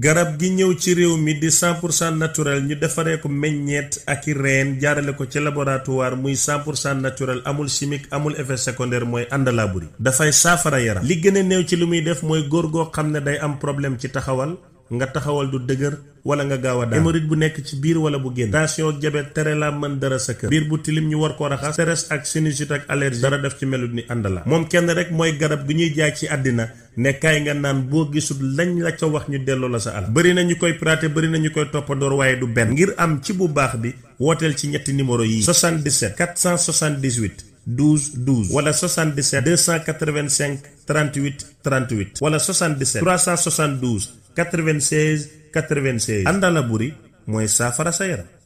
garab gi ñëw ci réew mi di 100 pour cent naturel ñu defaree ko meññeet ak i reen jaarale ko ci laboratoire muy 100 pour cent naturel amul chimique amul effet secondaire mooy ànd laa buri dafay saafara yaram li gën a néew ci li muy def mooy góor goo xam ne day am problème ci taxawal nga taxawal du dëgër wala nga gaaw a daan hémorroïde bu nekk ci biir wala bu génn tension ak diabète tere la mën dara sa kër biir bu tilim ñu war ko raxas stress ak sinusite ak allergie dara def ci melut ni àndala moom kenn rek mooy garab gi ñuy jaay ci àddina ne kaay nga naan boo gisul lañ la ca wax ñu delloo la sa alal bëri na ñu koy praté bari na ñu koy toppadoor waaye du benn ngir am ci bu baax bi wooteel ci ñetti numéro yi 77 478 12 12 wala 77 96 96. àndala buri mooy saafara sa yaram.